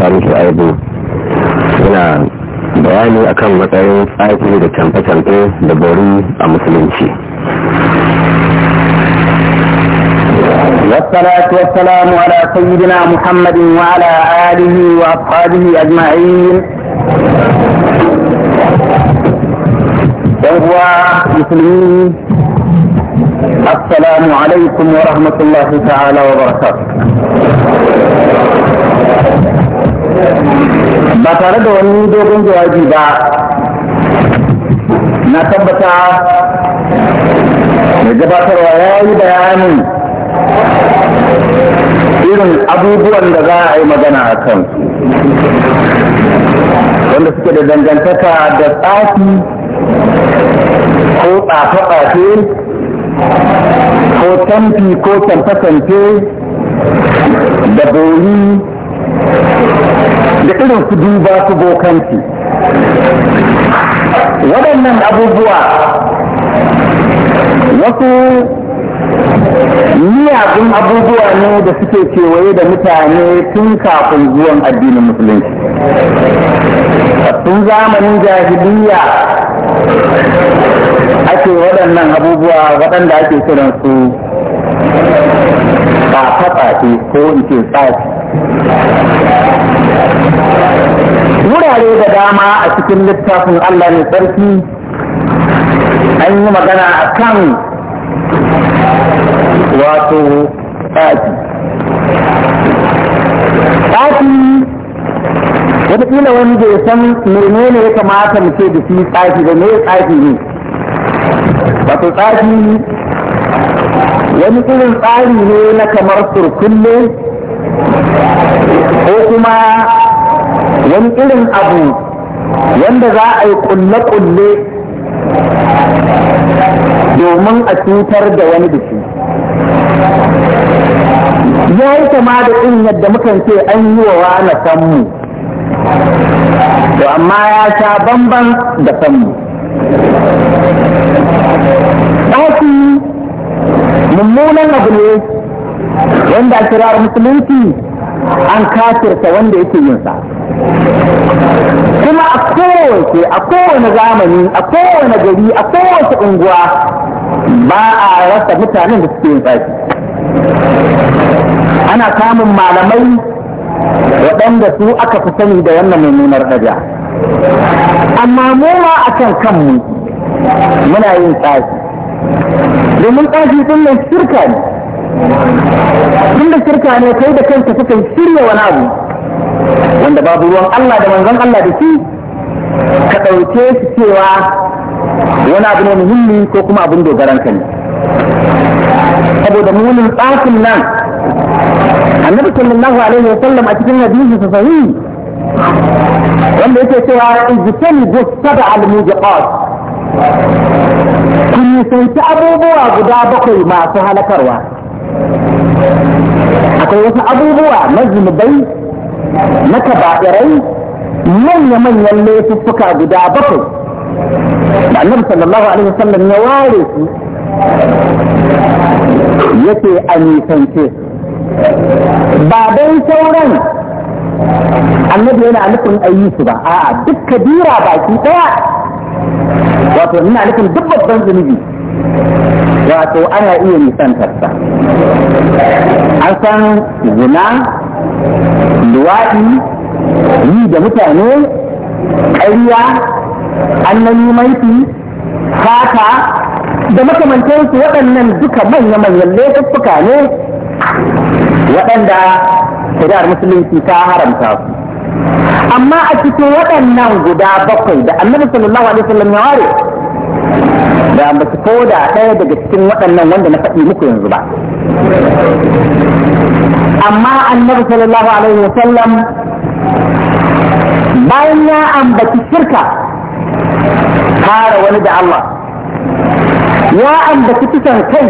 tarihi a yabo suna bayani akan kan matsayin tsaiki da canfe-canfe da bori a musulunci wasalatu wasalamu ala sayyidina muhammadin wa ala alihi wa ashabihi ajma'in yawwa musulmi assalamu alaikum wa rahmatullahi ta'ala wa barakatuh ba tare da wani dogon jawabi ba na tabbata mai gabatarwa ya yi bayani irin abubuwan da za a yi magana a kan wanda suke da dangantaka da tsafi ko tsafe ko tamfi ko tamfe-tamfe da boli da irin su duba su bokanci waɗannan abubuwa wasu miyagun abubuwa ne da suke kewaye da mutane tun kafin zuwan addinin musulunci tun zamanin jahiliya ake waɗannan abubuwa waɗanda ake kiransu ba ta ko in ce tsaki wurare da dama a cikin littafin Allah mai tsarki an yi magana a kan wato ɗaki ɗaki wataƙila wani bai san menene ya kamata mu ce da shi tsaki da me tsaki ne wato tsaki wani irin tsari ne na kamar surkulle ko kuma wani irin abu wanda za a yi kulle-kulle domin a cutar da wani da ya yi kama da irin yadda mukan ce an yi wa wani sanmu to amma ya sha bamban da sanmu ɗaki mummunan abu ne wanda a kirar musulunci an kafirta wanda yake yin sa kuma a kowace a kowane zamani a kowane gari a kowace unguwa ba a rasa mutanen da suke yin tsaki ana samun malamai waɗanda su aka fi sani da wannan mummunar ɗabi'a amma mu ma a kan kanmu muna yin tsaki domin tsaki ɗin mai shirka ne da shirka ne kai da kanka suka shirya wani abu wanda babu ruwan Allah da manzon Allah da shi ka ɗauke shi cewa wani abu ne muhimmi ko kuma abin dogaran ka ne saboda munin tsakin nan annabi sallallahu alaihi wa sallam a cikin hadisi sa sahihi wanda yake cewa ijtani bi sab'a al-mujiqat kun nisanci abubuwa guda bakwai masu halakarwa akwai wasu abubuwa na zunubai na kaba'irai manya-manyan laifuka guda bakwai da annabi sallallahu alaihi wasallam ya ware su yake a nisance ba dai sauran annabi yana nufin ayi su ba a'a duk kabira baki daya wato ina nufin duk babban zunubi wato ana iya nisantarsa an san zina luwaɗi yi da mutane ƙarya annan maifi fata da makamantarsu waɗannan duka manya-manyan laifuffuka ne waɗanda shari'ar musulunci ta haramta su amma a cikin waɗannan guda bakwai da annabi sallallahu alaihi wasallam ya ware da ba su koda ɗaya daga cikin waɗannan wanda na faɗi muku yanzu ba amma annabi sallallahu alaihi wasallam bayan ya ambaci shirka fara wani da Allah ya ambaci kisan kai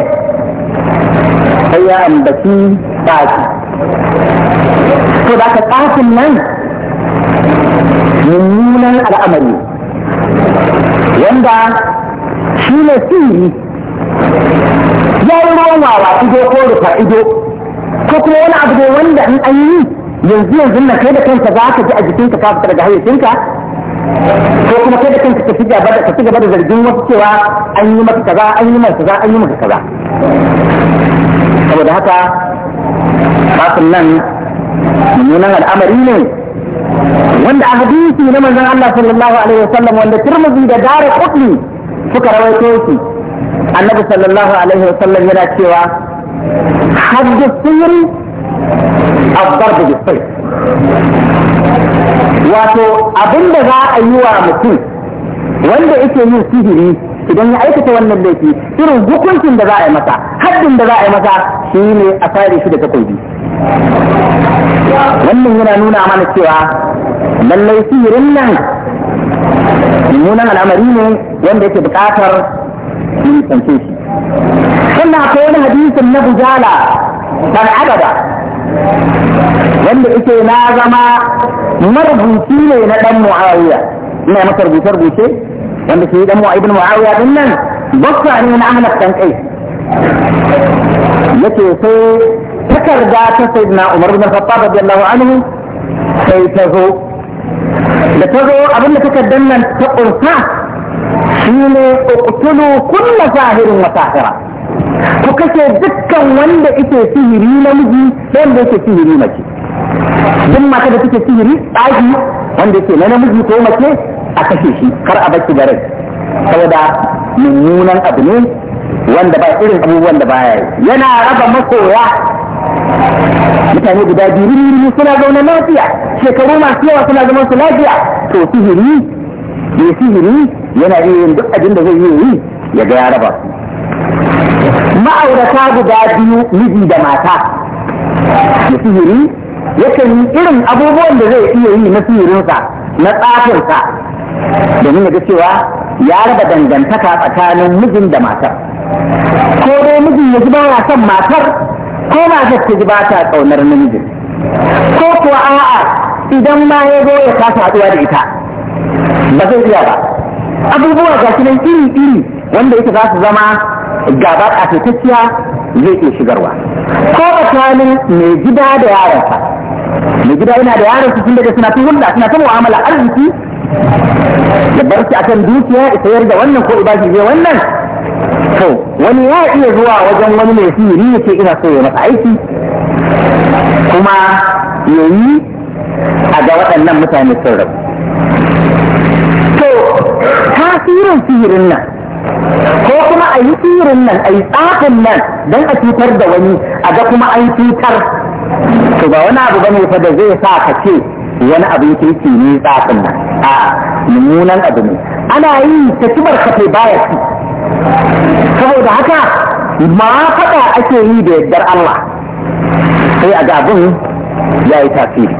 sai ya ambaci tsaki to da ka tsakin nan mummunan al'amari wanda shi ne sihiri yayin ruwan wawa ido ko rufa ido ko kuma wani abu ne wanda in an yi yanzu yanzu na kai da kanka za ka ji a jikinka ka fita daga hayyacinka ko kuma kai da kanka ka ci gaba da ka ci da zargin wasu cewa an yi maka kaza an yi maka kaza an yi maka kaza saboda haka kafin nan mummunan al'amari ne wanda a hadisi na manzon Allah sallallahu alaihi wasallam wanda Tirmidhi da Darqutni suka rawaito shi annabi sallallahu alaihi wa sallam yana cewa haddu sirri abdar da sai wato abinda za a yi wa mutum wanda yake yin sihiri idan ya aikata wannan laifi irin hukuncin da za a yi masa haddin da za a yi masa shi ne a fare shi da takobi wannan yana nuna mana cewa lallai sihirin nan mummunan al'amari ne wanda yake bukatar nisance shi sannan akwai wani hadisin na bujala dan abada wanda yake na zama marubuci ne na dan muawiya ina masa rubuce rubuce wanda shi dan muawiya ibn muawiya din nan bakka ne na ahmad dan kai yake sai takarda ta sayyidina umar bin khattab radiyallahu anhu sai ta zo da ta zo abin da takardar nan ta ƙunsa shi ne uqtulu kulla zahirin wa sahira ku kashe dukkan wanda ike sihiri namiji da wanda yake sihiri mace duk mata da take sihiri ɗaki wanda yake na namiji ko mace a kashe shi kar a baki da rai saboda mummunan abu ne wanda ba irin abubuwan da baya yi yana raba makoya mutane guda biyu suna zaune lafiya shekaru masu yawa suna zaman su lafiya to sihiri ne sihiri yana iya yin duk abin da zai yi ya ga ya raba ma'aurata guda biyu miji da mata da sihiri yakan yi irin abubuwan da zai iya yi na sihirinsa na tsafinsa domin ya ga cewa ya raba dangantaka tsakanin mijin da matar ko dai mijin ya ji baya son matar ko matar ta ji ba ta ƙaunar namijin ko kuwa a'a idan ma ya zo ya kasa haɗuwa da ita ba zai iya ba abubuwa ga shi nan iri iri wanda yake za su zama gaba a fitacciya zai iya shigarwa ko ne mai gida da yaransa mai gida yana da yaransa tun daga suna ta hulɗa suna ta mu'amala arziki ya barci akan dukiya ya sayar da wannan ko ibashi zai wannan to wani ya iya zuwa wajen wani mai sihiri ya ce ina so ya masa aiki kuma ya yi a ga waɗannan mutane sun rabu to tasirin sihirin nan ko kuma a yi sihirin nan a yi tsafin nan don a cutar da wani a ga kuma an cutar to ba wani abu bane fa da zai sa ka ce wani abin kirki ne tsafin nan a mummunan abu ne ana yi ta kibar kafe baya ci saboda haka ma faɗa ake yi da yardar Allah sai a gabin ya yi tasiri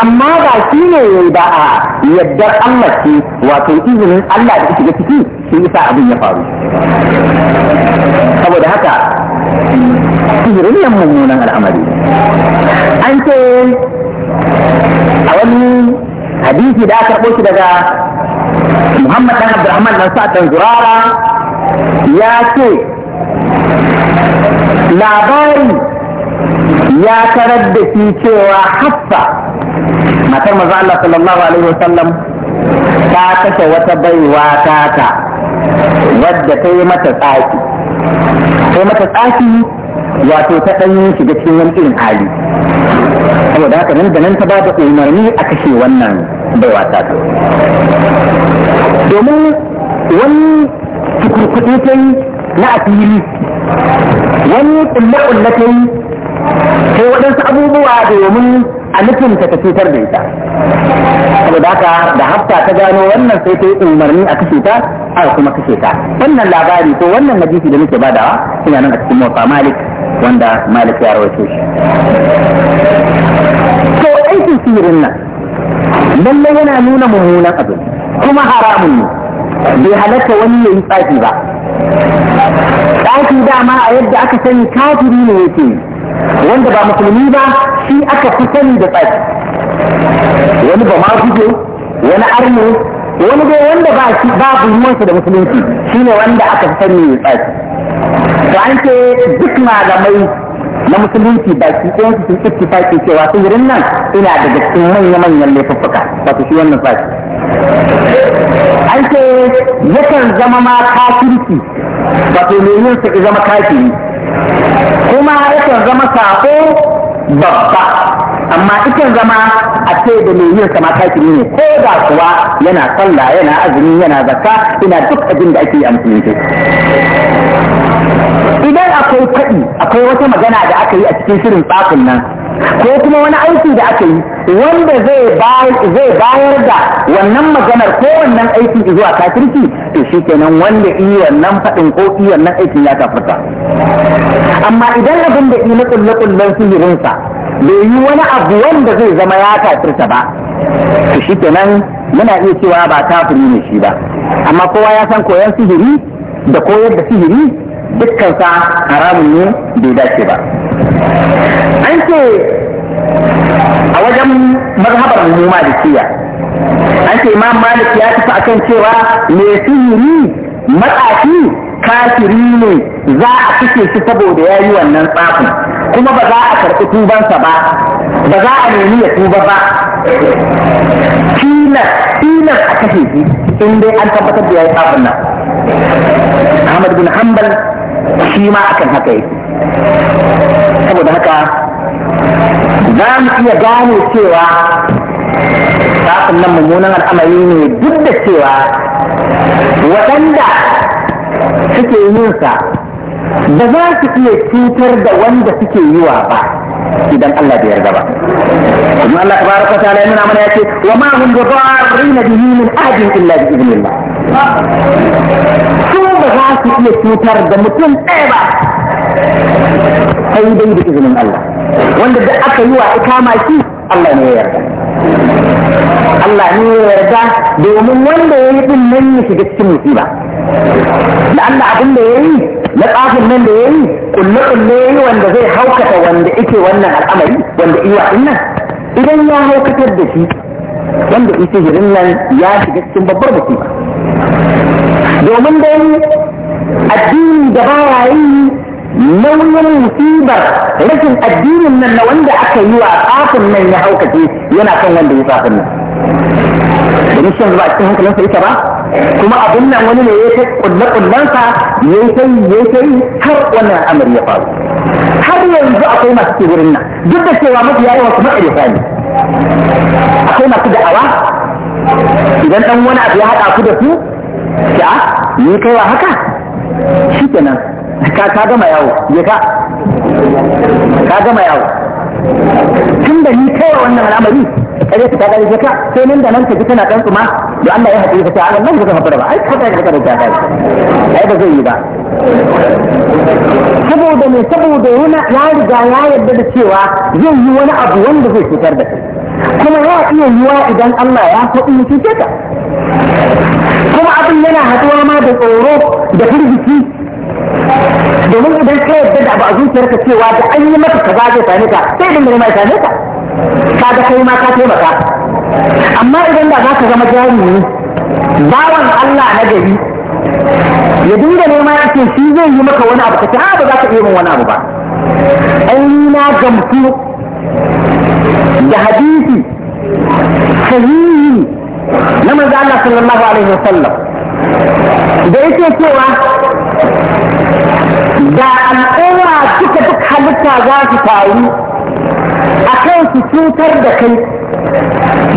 amma ba shi ne ya yi ba a yardar Allah ce wato izinin Allah da shiga ciki shi isa abin ya faru saboda haka sihirin yan mummunan al'amari an ce a wani hadisi da aka karɓo shi daga Muhammad dan Abdulrahman dan Sa'ad dan Zurara ya ce labari ya tarar da shi cewa haffa matar maza Allah sallallahu alaihi wasallam ta kashe wata baiwa ta wadda ta yi mata tsaki ta yi mata tsaki wato ta ɗanyi shiga cikin wani irin hali saboda haka nan da nan ta ba da umarni a kashe wannan baiwa ta domin wani cikin ta yi na asiri wani kulle-kulle ta yi sai waɗansu abubuwa domin a nufinta ta cutar da ita saboda haka da hafta ta gano wannan sai ta yi umarni a kashe ta a kuma kashe ta wannan labari ko wannan hadisi da muke badawa suna nan a cikin motsa malik wanda malik ya rawaito shi to aikin sihirin nan lallai yana nuna mummunan abin kuma haramun ne bai halatta wani ya yi tsafi ba tsafi dama a yadda aka sani kafiri ne yake wanda ba musulmi ba shi aka fi sani da tsafi wani ba ma wani arne wani dai wanda ba shi ba ruwansa da musulunci shi ne wanda aka fi sani da tsafi to an ce duk malamai na musulunci ba shi ɗayan su sun ittifaki cewa sihirin nan ina daga cikin manya-manyan laifuffuka su shi wannan tsafi. an ce yakan zama ma kafirki to ne yin su zama kafiri kuma yakan zama sako babba amma ikan zama a ce da mai yin sama kafiri ne ko da kuwa yana sallah yana azumi yana zakka ina duk abin da ake yi da idan akwai kadi akwai wata magana da aka yi a cikin shirin tsafin nan ko kuma wani aiki da aka yi wanda zai bayar da wannan maganar ko wannan aiki zuwa kafirci to shi kenan wanda iya wannan faɗin ko iya wannan aikin ya kafirta amma idan abin da ina kulle kullen sihirinsa bai yi wani abu wanda zai zama ya kafirta ba to shi kenan muna iya cewa ba kafiri ne shi ba amma kowa ya san koyon sihiri da koyar da sihiri dukkansa haramun ne bai dace ba an ce a wajen mazhabar mu malikiya an ce imam malik ya tafi akan cewa me sihiri matsafi kafiri ne za a kashe shi saboda ya yi wannan tsafin kuma ba za a karɓi tubansa ba ba za a nemi ya tuba ba tilas tilas a kashe shi in dai an tabbatar da ya yi tsafin nan Ahmad bin Hanbal shi ma akan haka yi saboda haka za mu iya gane cewa sa'an nan mummunan al'amari ne duk da cewa waɗanda suke yin sa ba za su iya cutar da wanda suke yi wa ba idan Allah bai yarda ba kuma Allah tabaraka ta'ala nuna mana ya ce wa ma hum bi darrin bihi min ajin illa bi idnillah su iya cutar da mutum ɗaya ba sai dai da izinin Allah wanda da aka yi wa ikama shi Allah ne ya yarda Allah ne ya yarda domin wanda ya yi din nan ya shiga cikin musiba da Allah abin da ya yi na tsafin nan da ya yi kulle kulle ya yi wanda zai haukata wanda ike wannan al'amari wanda iya din nan idan ya haukatar da shi wanda ita hirin nan ya shiga cikin babbar musiba domin dai addini da baya yi nauyin musibar rashin addinin nan na wanda aka yi wa tsafin nan ya haukace yana kan wanda ya tsafin nan domin shi ba a cikin hankalinsa ita ba kuma abin nan wani ne ya kai kulle-kullensa ya yi ya har wannan al'amari ya faru har yanzu akwai masu ke wurin nan duk da cewa mafi yawan su maƙarfa ne akwai masu da'awa idan ɗan wani abu ya haɗa ku da su ya ni kai wa haka shi kenan ka gama yawo ya ka ka gama yawo tun da ni kai wannan al'amari kare ta gari je ka sai nan da nan ka tana dan tsuma da Allah ya haɗe ka ta Allah nan ka haɗa ba ai ka ka ka da ai ba zai yi ba saboda ne saboda yana ya riga ya yarda da cewa zai yi wani abu wanda zai fitar da kuma ya iya yiwa idan Allah ya faɗi mutunce ka tsoron yana haɗuwa ma da tsoro da firgiti domin idan ka yadda da abu a zuciyarka cewa da an yi maka kaza zai same ka sai idan da mai same ka kaga kai ma ka taimaka amma idan da za ka zama jami'i bawan Allah na gari ya dinga nema ya ce shi zai yi maka wani abu ka ce ha ah, ba za ka iya min wani abu ba an na gamsu da hadisi sahihi na manzo Allah sallallahu alaihi wasallam da yake cewa da al'umma duka duk halitta za su taru a kan su cutar da kai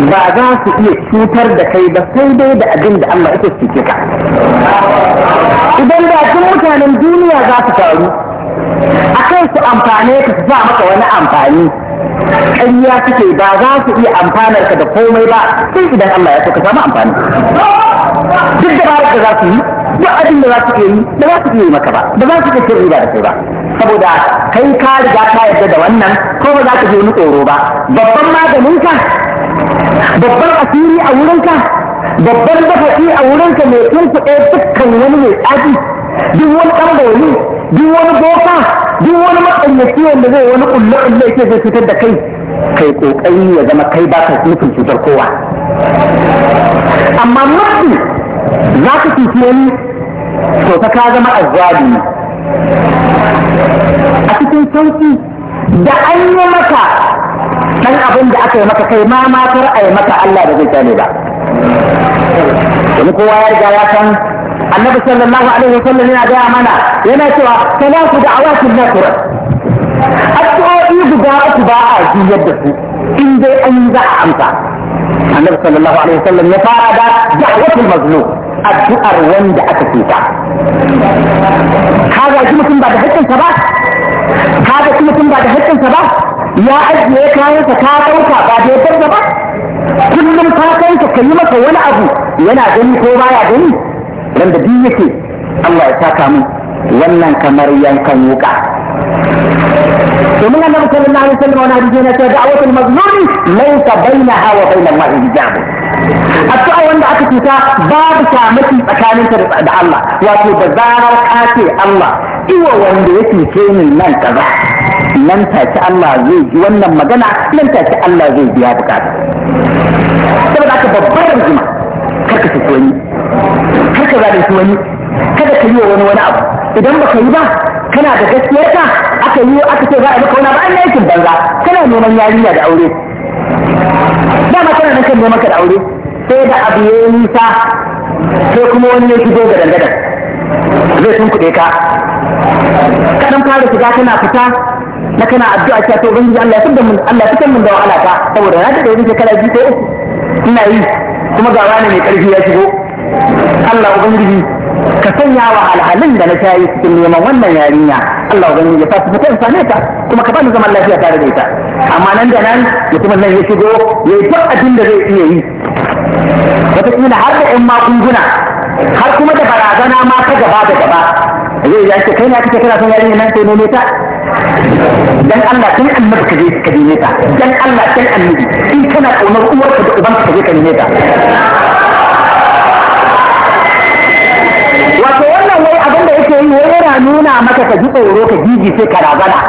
ba za su iya cutar da kai ba sai dai da abin da Allah ita su ka idan da mutanen duniya za su taru a kan su amfane ka su sa maka wani amfani ƙarya suke ba za su iya amfanar ka da komai ba sai idan Allah ya so ka samu amfani duk da da za su yi duk abin da za su yi da za su yi maka ba da za su iya cin ba da kai ba saboda kai ka riga ka yarda da wannan ko ba za ka je wani tsoro ba babban maganin ka babban asiri a wurin ka, babban dafafi a wurin ka mai tunkuɗe dukkan wani mai tsaji duk wani ɗan duk wani boka duk wani matsayyaci wanda zai wani kulle kulle yake zai fitar da kai kai kokari ya zama kai ba ka nufin cutar kowa amma mafi za ka cuce ni to ta ka zama azzabi a cikin sauki da an yi maka dan abin da aka yi maka kai ma matar a yi maka Allah da zai kyale ba domin kowa ya riga ya san annabi sallallahu alaihi wasallam yana gaya mana yana cewa ku da salatu na nakira addu'o'i guda uku ba a ji yadda su in dai an za a amsa annabi sallallahu alaihi wasallam ya fara da da'awatul mazlum addu'ar wanda aka cuta ka shi mutum ba da hakkinsa ba ka shi mutum ba da hakkinsa ba ya ajiye kayansa ka ɗauka ba da yadda ba kullum ka kai ka yi masa wani abu yana gani ko baya gani wanda duk yake Allah ya saka mu wannan kamar yankan wuka domin annabi sallallahu alaihi wasallam wani hadisi yana cewa da'awatul mazlumi laysa bainaha wa bain Allah hijab addu'a wanda aka cuta babu kamaki tsakaninta da Allah wato da zarar ka ce Allah iwa wanda ya cuce ni nan kaza nan take Allah zai ji wannan magana nan take Allah zai biya bukata saboda aka babbar rigima karka cuce ni kar ka su wani kada ka yi wa wani wani abu idan baka yi ba kana da gaskiyarka aka yi wa aka ce za a maka kauna ba an aikin banza kana neman yarinya da aure dama kana nan kan neman ka da aure sai da abu ya yi nisa sai kuma wani ya shigo ga dangadan zai sun kuɗe ka kadan fara shiga kana fita na kana addu'a cewa to ubangiji Allah ya Allah ya fitar mun da wahala ta saboda na da yanzu kala biyu ko uku ina yi kuma ga wani mai karfi ya shigo Allah ubangiji ka sanya wa alhalin da na tayi cikin neman wannan yarinya Allah ubangiji ya fasu fita in ta kuma ka bani zaman lafiya tare da ita amma nan da nan mutumin nan ya shigo ya yi duk abin da zai iya yi wataƙila har da ƴan magunguna har kuma da barazana ma ta gaba da gaba zai yi kai na kake kana son yarinya nan sai nome ta dan Allah kai annabi ka je ka neme ta dan Allah kai annabi in kana kaunar uwarka da ubanka ka je ka neme ta nuna maka ka ji tsoro ka jiji sai ka razana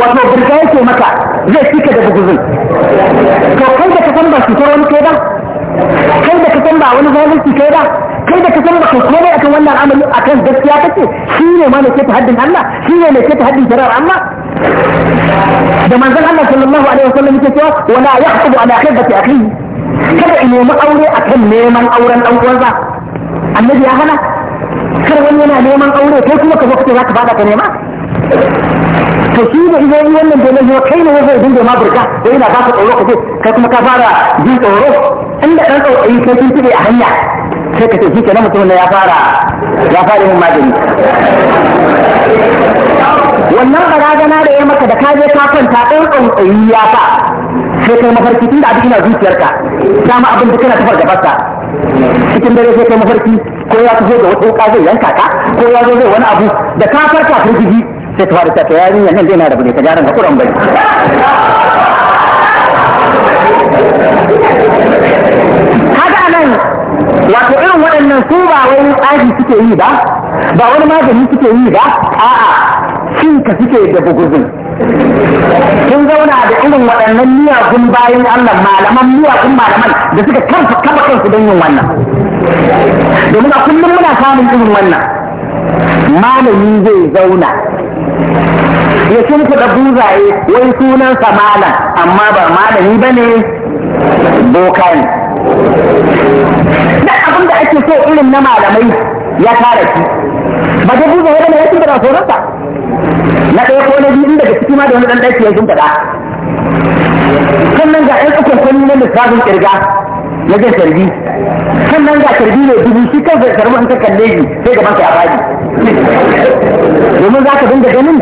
wato burka yake maka zai cika da buguzin to kai da ka san ba cutar wani kai ba kai da ka san ba wani zalunci kai ba kai da ka san ba kai komai akan wannan amali akan gaskiya kake shi ne ma ne ke haddin Allah shi ne ne ke haddin jarar Allah da manzon Allah sallallahu alaihi wasallam yake cewa wala yaqbu ala khibati akhihi kada in yi aure akan neman auren dan uwansa annabi ya hana kar wani yana neman aure kai kuma ka zo kace za ka fada ka nema to shi da izo yi wannan da ne kai ne zai dinga ma burka da yana ba ka tsoro ka ce kai kuma ka fara jin tsoro inda dan tsoro yi kai kin tibe a hanya sai ka ce shi kenan mutum ya fara ya fara yin magani wannan barazana da ya maka da ka je ka kwanta dan tsoro ya fa sai kai mafarki tunda abin ina zuciyarka dama abin da kana tafar gabarsa cikin dare sai kai mafarki ko ya taho da wata wuka zai yanka ka ko ya zo zai wani abu da ka farka firgiji sai tafar fara ta yarinya nan dai na da bude ta jaran kuran bai haka nan, wato irin waɗannan su ba wani aji suke yi ba ba wani magani suke yi ba a'a shin ka suke da bugurgun kin zauna da irin waɗannan miyagun bayan Allah malaman miyagun malaman da suka kansu kafa kansu don yin wannan domin a kullum muna samun irin wannan malami zai zauna ya shimfi da buzaye wai sunansa malam amma ba malami ba ne boka ne da abin da ake so irin na malamai ya tara shi ba da buzaye ba ne ya shimfi da sunansa na ɗaya ko na biyu daga ciki ma da wani ɗan ɗaki ya jin faɗa sannan ga ɗan ukun kwani na lissafin ƙirga na zai sarbi sannan ga sarbi ne dubu shi kan zai sarbi in ka kalle shi sai gaban ka ya faɗi domin za ka dinga ganin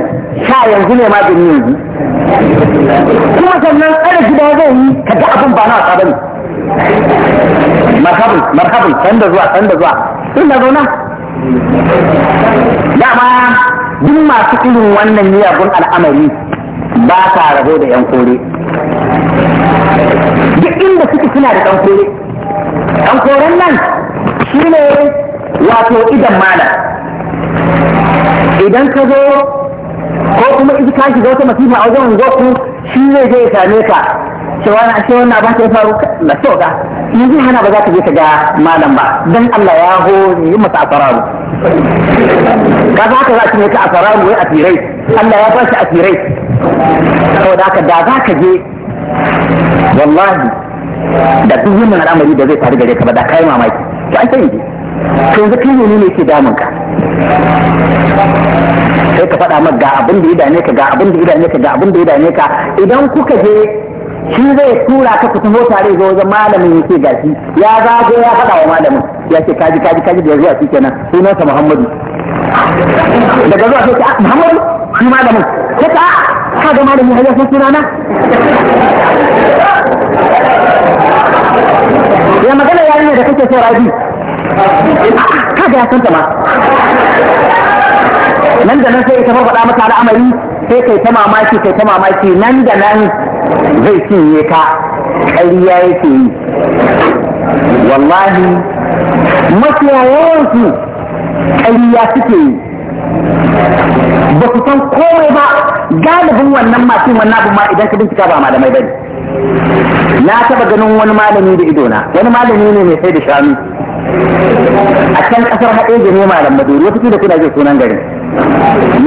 sha yanzu ne ma ni yanzu kuma sannan ana gida zai yi ka ga abin ba na wasa ba ne marhabin marhabin sanda zuwa sanda zuwa sun zauna dama duk masu irin wannan miyagun al'amari ba sa rabo da yan kore duk inda suke suna da ɗan kore ɗan koren nan shi ne wato idan malam idan ka zo ko kuma idan ka shiga wata masifa a wajen goku shi ne zai same ka cewa na ce wannan abin ya faru na so ga yanzu hana ba za ka je ka ga malam ba dan Allah ya ho yi masa asararu ka za ka za ka ne ka asararu wai asirai Allah ya ba shi asirai da haka da za ka je wallahi da duk wannan al'amari da zai faru gare ka ba da kai mamaki to an sani to yanzu kai ne ne ke damun ka sai ka faɗa maka ga abin da ya dame ka ga abin da ya dame ka ga abin da ya dame ka idan kuka je shi zai tura ka ku taho tare ga wajen malamin ya yake gashi ya zago ya faɗa wa malamin ya ce kaji kaji kaji da zuwa shi kenan sunansa Muhammadu daga zuwa sai ta ah, Muhammadu shi malamin sai ta ah, ka ga malamin har ya san sunana ya magana ya yarinya da kake so rabi ka ga ya san ta ma nan da nan sai ita faɗa mata al'amari sai kai ta mamaki kai ta mamaki nan da nan zai cinye ka ƙarya yake yi wallahi mafiya ƙarya suke yi ba ku san komai ba galibin wannan masu wannan abin ma idan ka bincika ba malamai bane na taba ganin wani malami da idona wani malami ne mai sai da shanu a can kasar haɗe ne malam maduri wata da kuna jin sunan gari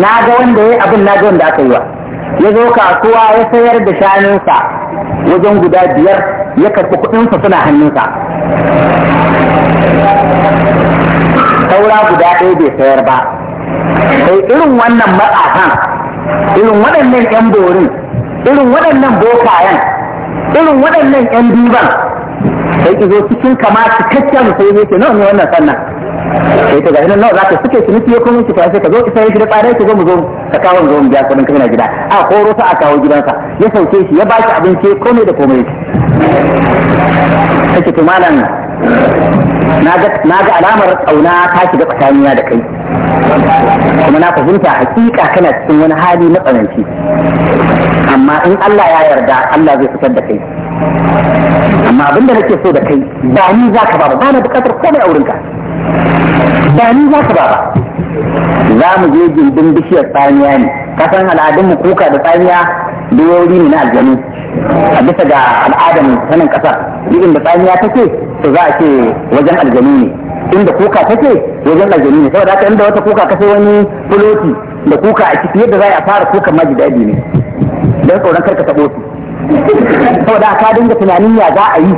na ga wanda ya yi abin na ga wanda aka yi wa ya zo kasuwa ya sayar da shanunsa wajen guda biyar ya karɓi kuɗinsa suna hannunsa saura guda ɗaya bai sayar ba sai irin wannan matsafan irin waɗannan 'yan borin irin waɗannan bokayen irin waɗannan 'yan duban sai ki zo cikin kama cikakken sai ne ke nawa ne wannan sannan sai ta gani nan nawa zaka suke su nufi kuma ki tafi ka zo ki sai da tsare ki zo mu zo ka kawo mu zo mu biya kudin kana gida a koro sa a kawo gidansa ya sauke shi ya ba shi abinci komai da komai kake to malam na ga alamar kauna ta shiga tsakaniya da kai kuma na fahimta hakika kana cikin wani hali na tsananci amma in Allah ya yarda Allah zai fitar da kai amma abin da nake so da kai ba ni za ka ba ba na bukatar komai a wurinka ba ni za ka ba ba za mu je gindin bishiyar tsaniya ne kasan al'adunmu kuka da tsaniya duwori ne na aljanu a bisa ga al'adar sanin kasa irin da ta take to za a ce wajen aljanu ne inda kuka take wajen aljanu ne saboda haka inda wata kuka kasa wani fuloti da kuka a ciki yadda za a fara kukan maji daɗi ne don tsoron karka taɓo su saboda ka dinga tunanin ya za a yi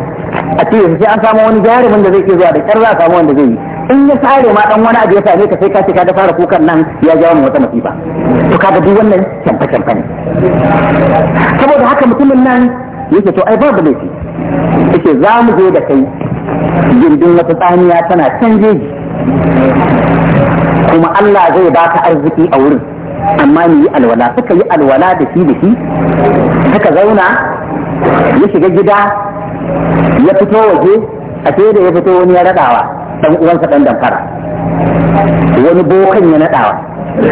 a ce yanzu sai an samu wani jarumin da zai ke zuwa da kyar za a samu wanda zai yi in ya sare ma dan wani abu ya same ka sai ka ce ka fara kukan nan ya jawo mu wata masifa to kaga duk wannan kyamfa kyamfa ne saboda haka mutumin nan yake to ai babu laifi yake za mu je da kai gindin wata tsaniya tana can jeji kuma Allah zai baka arziki a wurin amma ni yi alwala suka yi alwala da shi da shi suka zauna ya shiga gida ya fito waje a da ya fito wani ya raɗawa dan uwansa dan damfara wani bokan ya naɗawa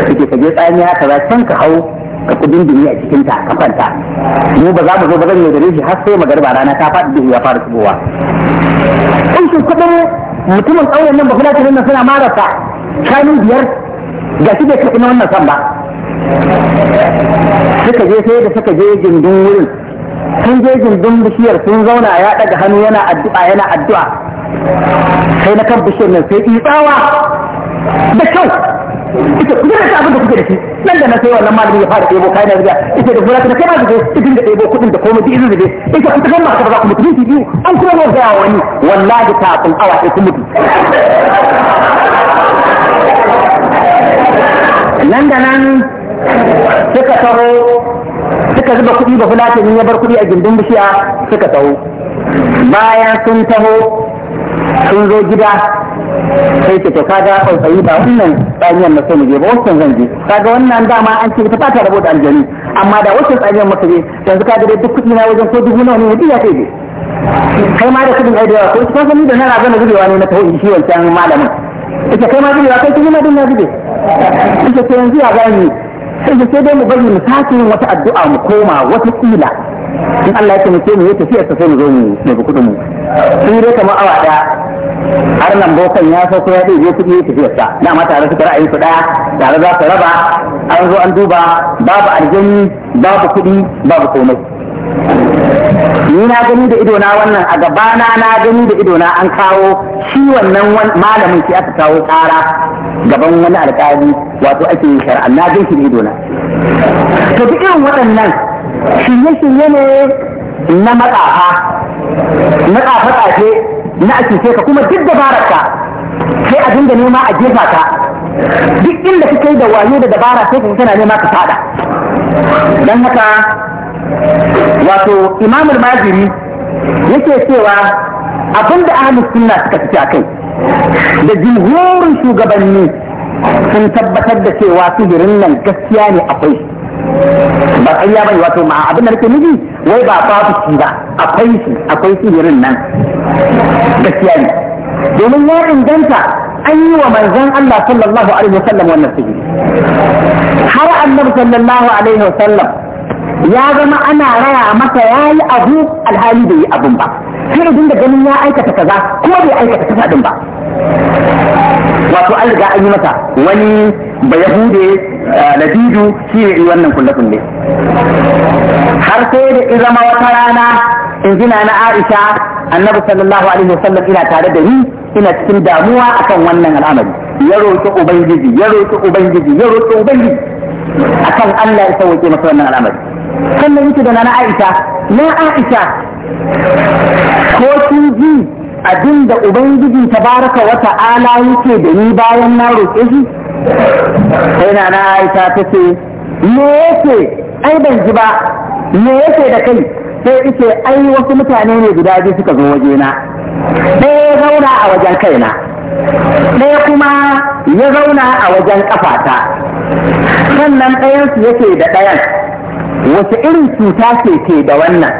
suke ka je tsamiya ka za can ka hau ka kudin dumi a cikin ta ka kwanta mu ba za mu zo ba zan yi da shi har sai magarba rana ta faɗi duhu ya fara shigowa in shi kudin mutumin tsawon nan ba fulatanin nan suna marasa shanu biyar ga shi bai karɓi na wannan san ba suka je sai da suka je gindin wurin sun je gindin bishiyar sun zauna ya daga hannu yana addu'a yana addu'a sai na kan bishiyar nan sai tsawa da kyau ita kuma da abin da kuke da shi nan da na sai wannan malamin ya fara ɗebo kayan yanzu ita da gura ta kai ma da zai ikin da ɗebo kuɗin da komai izin da zai ita kuma kan masu ba za ku mutu minti biyu an kuma yau gaya wani wallahi kafin awa sai kun mutu nan da nan suka taho suka zuba kuɗi ba fulatani ya bar kuɗi a gindin bishiya suka taho bayan sun taho sun zo gida sai ce to kaga kwaifayi ba wannan tsaniyar na sai mu je ba wancan zan je kaga wannan dama an ce ta fata rabo da aljani amma da wancan tsaniyar masu je yanzu kaga dai duk kudi na wajen ko dubu nawa ne duk ya kai je kai ma da kuɗin ai da yawa ko kuma sanin da na rago na zubewa ne na taho shi wancan malamin ita kai ma zubewa kai kuma na din na zube ita ce yanzu ya gani sai sai dai mu bari mu sake yin wata addu'a mu koma wata kila in Allah ya taimake mu ya tafiya sai mu zo mu ɗebi kuɗin mu sun dai kamar awa da har nan bokan ya sauko ya ɗebi kuɗi ya tafiya sa na ma tare suka ra'ayi su ɗaya tare za su raba an zo an duba babu aljani babu kuɗi babu komai ni na gani da ido na wannan a gabana na gani da ido na an kawo shi wannan malamin shi aka kawo tsara gaban wani alƙali wato ake yin shari'a na gani da ido na to duk irin waɗannan shirye-shirye ne na matsafa na tsafe-tsafe na ake ka kuma duk dabararka sai a dinga nema a jefa ka duk inda kake da wayo da dabara sai ka tana nema ka fada dan haka wato imamul maziri yake cewa abinda ahlus sunna suka fice akai da jimhurin shugabanni sun tabbatar da cewa sihirin nan gaskiya ne akwai ba ƙarya bane wato ma abin da nake nufi wai ba babu shi ba akwai shi akwai sihirin nan gaskiya ne domin ya inganta an yi wa manzon Allah sallallahu alaihi wasallam wannan sihiri har annabi sallallahu alaihi wasallam ya zama ana raya masa ya yi abu alhali bai yi abun ba sai idan da ganin ya aikata kaza ko bai aikata kaza din ba wato an riga an yi masa wani bayahude eh, ladidu shi ne wannan kulle-kulle har sai da in zama wata rana in jina na aisha annabi sallallahu alaihi wasallam ina tare da ni ina cikin damuwa akan wannan al'amari ya roƙi ubangiji ya roƙi ubangiji ya roƙi ubangiji akan Allah ya sauke masa wannan al'amari sannan yake da na Aisha na Aisha ko kin ji abin da ubangiji tabaraka wa ta'ala yake da ni bayan na roƙe shi sai na na Aisha ta ce me yake ai ban ji ba me yake da kai sai yake ai wasu mutane ne guda biyu suka zo wajena ɗaya ya zauna a wajen kaina ɗaya kuma ya zauna a wajen kafata sannan ɗayansu yake da ɗayan wata irin cuta ce ke da wannan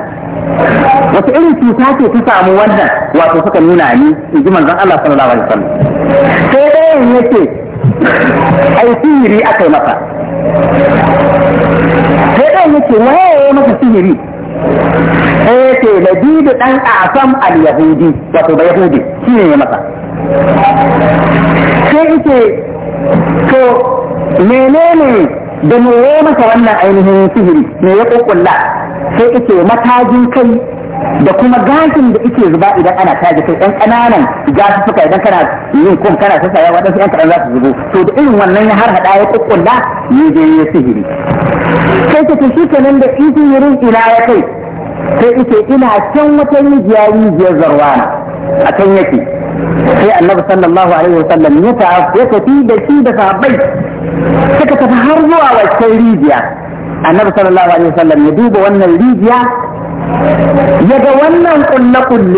wata irin cuta ce ta samu wannan wato suka nuna ni in ji manzon Allah sallallahu alaihi wasallam sai dai yake ai sihiri aka yi masa sai dai yake waye ya masa sihiri sai yake labidu dan asam al-yahudi wato da yahudi shine ya masa sai yake to menene da me yi masa wannan ainihin sihiri me ya kokulla sai ike matajin kai da kuma gashin da ike zuba idan ana taji kai ɗan ƙananan gashi suka idan kana yin kum kana sassaya waɗansu ɗan kaɗan za su zubo to da irin wannan ya har haɗa ya kokulla yi je ya sihiri sai ta tafi kenan da sihirin ina ya kai sai ita ina can wata rijiya rijiyar zarwana a can yake في النبي صلى الله عليه وسلم يتعب يتتي بشي دفع بيت سكت فهرزوا وشي ليبيا النبي صلى الله عليه وسلم يدوب وانا ليبيا يدوانا قلنا قل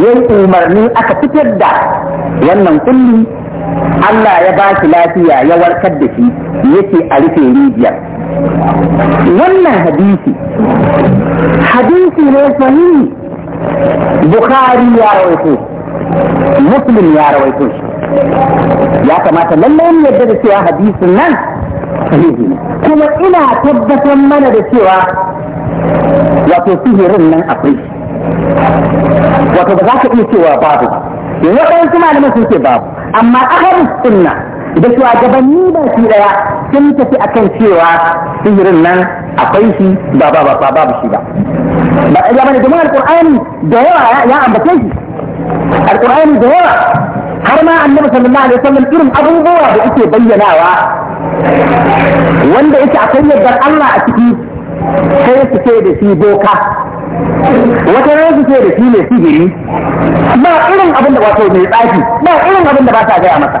يي امرني دا وانا قل الله يباك لا فيا يوال كدسي يتي عرفي ليبيا وانا حديثي حديثي ليس مني بخاري يا رسول muslim ya rawaito shi ya kamata lallai mu yadda da cewa hadisin nan sahihi ne kuma ina tabbatar mana da cewa wato sihirin nan akwai wato ba za ka iya cewa babu waɗansu malaman sun ce babu amma ahalin sunna da shugabanni ba shi daya sun tafi akan cewa sihirin nan akwai shi ba ba ba ba babu shi ba ba ya bane domin alqur'ani da yawa ya ambace shi alqur'ani da yawa har ma annabi sallallahu alaihi wasallam irin abubuwa da ake bayyanawa wanda yake akwai yadda Allah a ciki sai su ce da shi boka wata ran su ce da shi ne sihiri ba irin abin da wato mai tsafi ba irin abin da ba ta gaya masa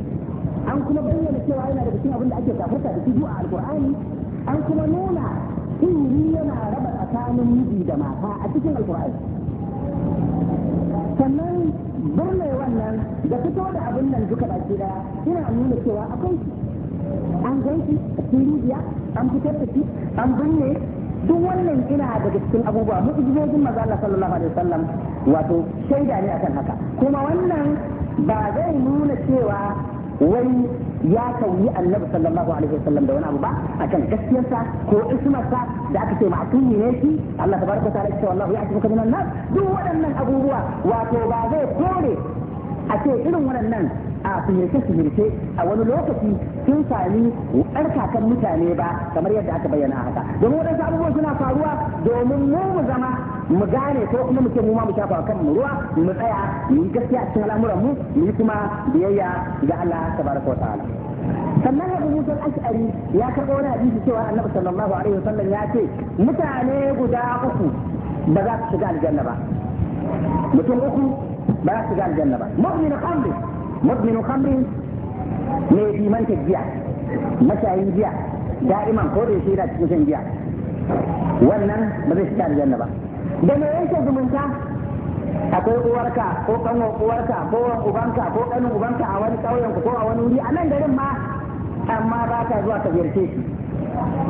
an kuma bayyana cewa yana da cikin abin da ake kafarta da shi a alkur'ani an kuma nuna ilimi yana raba tsakanin miji da mata a cikin alkur'ani sannan birne wannan da fito da abin nan duka baki daya ina nuna cewa akwai an gan shi rijiya an fitar da shi an binne duk wannan ina daga cikin abubuwa mu'jizojin maza Allah sallallahu alaihi wasallam wato shaida ne akan haka kuma wannan ba zai nuna cewa wai ya sauyi annabi sallallahu alaihi wasallam da wani abu ba akan gaskiyarsa ko ismarsa da aka ce ma'tumi ne shi Allah tabaraka ta'ala ya ce wallahu ya'tifuka minan nas duk waɗannan abubuwa wato ba zai kore a ce irin waɗannan a sumurce sumurce a wani lokaci sun sami ɗarkakan mutane ba kamar yadda aka bayyana haka domin waɗansu abubuwan suna faruwa domin mu mu zama mu gane ko kuma mu ce mu ma mu shafa kan mu ruwa mu tsaya mu yi gaskiya cikin al'amuran mu mu yi kuma biyayya ga Allah tabaraka wa ta'ala sannan abu musul ash'ari ya karɓo wani hadisi cewa annabi sallallahu alaihi wasallam ya ce mutane guda uku ba za su shiga aljanna ba mutum uku ba za su ga aljanna ba mu'minu khamrin mu'minu khamrin ne fi manta giya mashayin giya da'iman ko da yake yana cikin shan wannan ba zai shiga aljanna ba da me yake zumunta akwai uwarka ko kanwar uwarka ko ubanka ko kanin ubanka a wani ƙauyen ko a wani wuri a nan garin ma amma ba ka zuwa ka ziyarce shi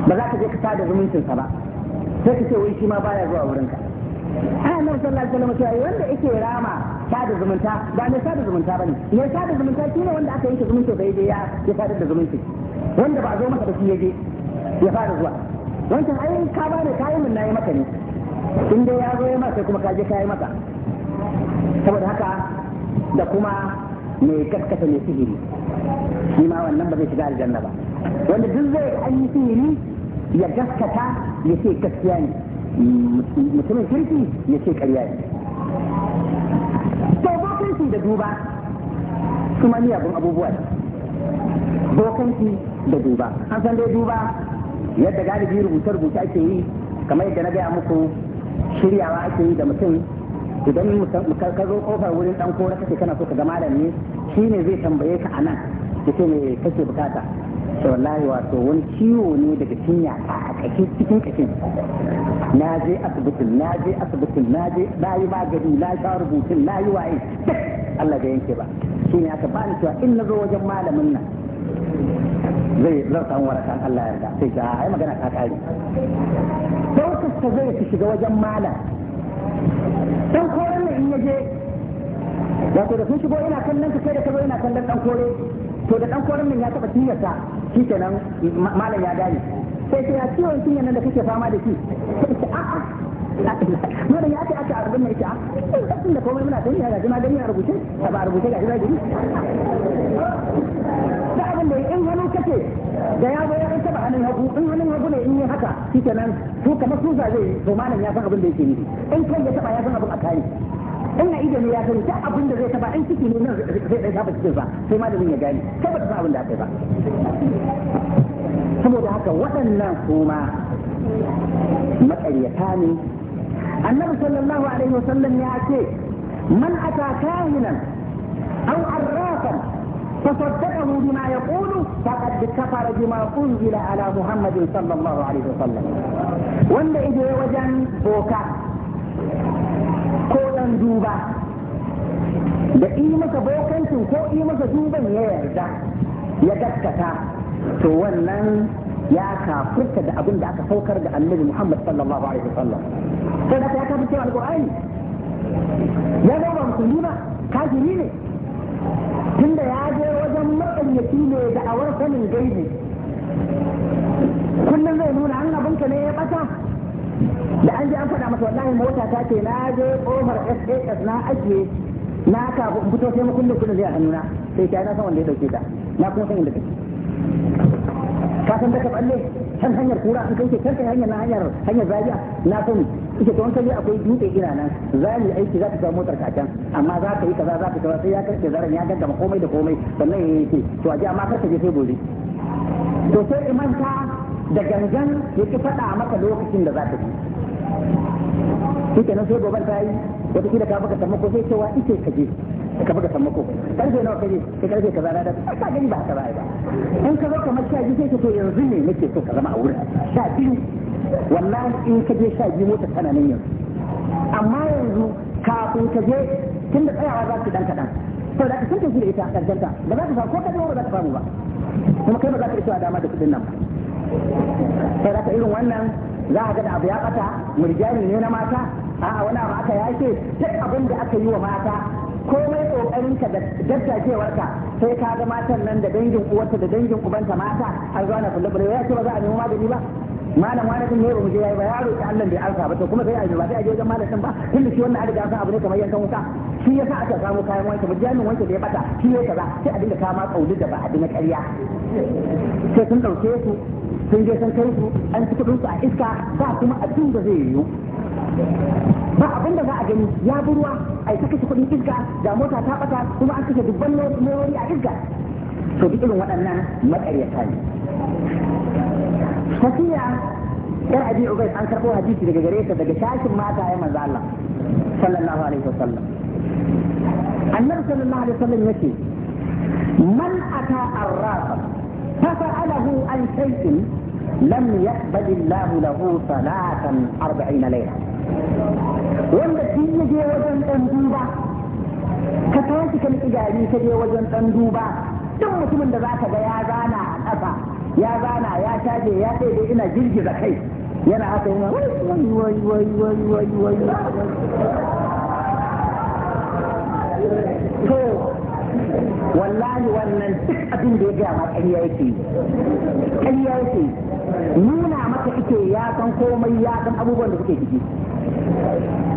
ba za ka je ka sada zumuncinsa ba sai ka ce wai shi ma baya zuwa wurinka Ana nan sallallahu alaihi wasallam wanda ake rama sada zumunta ba mai sada zumunta bane mai sada zumunta shi ne wanda aka yanke zumunci bai je ya ya sada da zumunci wanda ba a zo maka da shi ya je ya fara zuwa wancan ai ka ba ne kayan min nayi maka ne in dai ya zo ya maka kuma ka je kayi maka saboda haka da kuma mai kaskata mai sihiri shi ma wannan ba zai shiga aljanna ba wanda duk zai an yi sihiri ya gaskata ya ce gaskiya ne mutumin kirki ya ce karya ne to da duba su kuma miyagun abubuwa bokanci da duba an san dai duba yadda galibi rubuce-rubuce ake yi kamar yadda na gaya muku shiryawa ake yi da mutum idan ka zo kofar wurin dan kora kake kana so ka ga malam ne shine zai tambaye ka anan yace me kake bukata wallahi wato wani ciwo ne daga cinya a kashin cikin kashin na je asibitin na je asibitin na je na yi magani na sha rubutun na yi waye Allah bai yanke ba shi ne aka bani cewa in na zo wajen malamin nan zai zan samu warakan Allah ya sai ga ai magana ta kare daukar ta zai shiga wajen malam ko koran in ya je wato da sun shigo ina kallon sai da kazo ina kallon dan kore to da dan koren nan ya taba ta shi kenan malam ya gane sai sai ya ciwon cinyar nan da kake fama da shi a'a dole ya ce aka arbin mai ta lokacin da komai muna gani ga jima gani a rubuce ta ba a rubuce ga jima gani da abin da in hannun kace da ya zo ya an taba hannun hagu in hannun hagu ne in yi haka kenan su kamar su zai to malam ya san abin da yake yi in kai ya taba ya san abin a kai in na idanu ya gani duk abin da zai taba in ciki ne nan zai dan shafa cikin sa sai malamin ya gani, kai ba ta san abin da aka yi ba saboda haka waɗannan kuma maƙaryata ne annabi sallallahu alaihi wasallam ya ce man ata kahinan aw arrafan فصدقه بما يقول فقد كفر بما انزل على محمد صلى الله عليه وسلم وان اذا وجن بوكا ko duba da yi bokancin ko yi maka duban ya yarda ya gaskata to wannan ya kafurta da abin da aka saukar da annabi Muhammad sallallahu alaihi wasallam sai da ya kafurta da alqur'ani ya ga ba musulmi ba kafiri ne tunda ya je wajen maƙaryaci ne da awar sanin gaibi kullum zai nuna an abinka ne ya bata da an ji an faɗa masa wallahi mota ta ce na je kofar SAS na ajiye na ka fito sai mu kullum kullum zai a na sai ta na san wanda ya dauke ta na kuma san inda take ka san daga balle can hanyar kura an kai ke kanka hanyar na hanyar hanyar zaria na san kike to wancan akwai dutse ina nan zali aiki za ka samu motar ka can amma za ka yi kaza za ka kaza sai ya karke zaran ya gaggama komai da komai sannan ya yi ce to a ji amma kar je sai gobe to sai imanta da gangan ya ki faɗa maka lokacin da za ta ji shi kenan sai gobar ta yi wata kila ka baka sammako sai cewa ike ka je ka baka sammako karfe nawa kaje ka karfe ka zara da ka gani ba ka bai ba in ka zo kamar sha biyu sai ka to yanzu ne nake so ka zama a wurin sha biyu wallahi in ka je sha biyu mota tana nan yanzu amma yanzu kafin ka je tun da tsayawa za ki dan kaɗan to da ka sun tafi da ita a ƙarshenta ba za ka samu ko ka ba za ka samu ba kuma kai ba za ka isa dama da kuɗin nan ba sai da irin wannan za a ga da abu ya ɓata, murjani ne na mata a'a wani abu aka yake duk abin da aka yi wa mata komai kokarin ka da daddacewarka sai ka ga matan nan da dangin uwarta da dangin ubanta mata har zuwa na kulle ya ce ba za a nemi magani ba malam wani din ne ba mu je yayi ba ya roki Allah bai alfa ba to kuma sai a ba sai a je wajen malamin ba tunda shi wannan an riga abu ne kamar yankan wuta shi yasa aka samu kayan wanke ba jami'in wanke da ya bata shi ya kaza sai a dinga kama kauli da ba a dinga ƙarya sai sun ɗauke su sun je sun kai su an ci kudin su a iska ba kuma abin da zai yiwu ba abin da za a gani ya bi ruwa yi ta kashe kudin iska da mota ta bata kuma an kashe dubban lori a iska to duk irin waɗannan maƙaryata ne تسيع ايه ادي عبيد انت ربوها دي كده جريسة ده جشاش ماتا يا من صلى الله عليه وسلم النبي صلى الله عليه وسلم يكي من اتى الراب ففعله عن شيء لم يقبل الله له صلاة أربعين ليلة وان دي جي وزن تنجوبا كتاتي كان إجاري كجي وزن تنجوبا ثم تمن دباك بيازانا أفا ya zana ya taje ya ce dai ina girgiza kai yana haka yana wai wai wai wai wai wai wai to wallahi wannan duk abin da ya gaya ma ƙarya yake ƙarya yake nuna maka ike ya san komai ya san abubuwan da suke ciki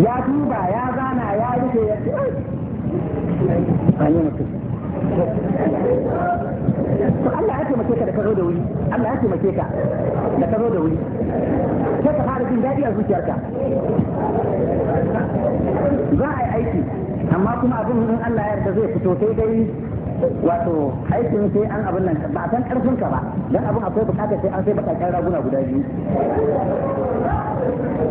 ya duba ya zana ya rufe ya ce ai mutum to Allah ya taimake ka da karo da wuri Allah ya taimake ka da ka da wuri sai ka fara jin daɗi a zuciyarka za a yi aiki amma kuma abin in Allah ya yarda zai fito sai dai wato aikin sai an abin nan ba san karfin ka ba dan abin akwai bukatar sai an sai bakakken raguna guda biyu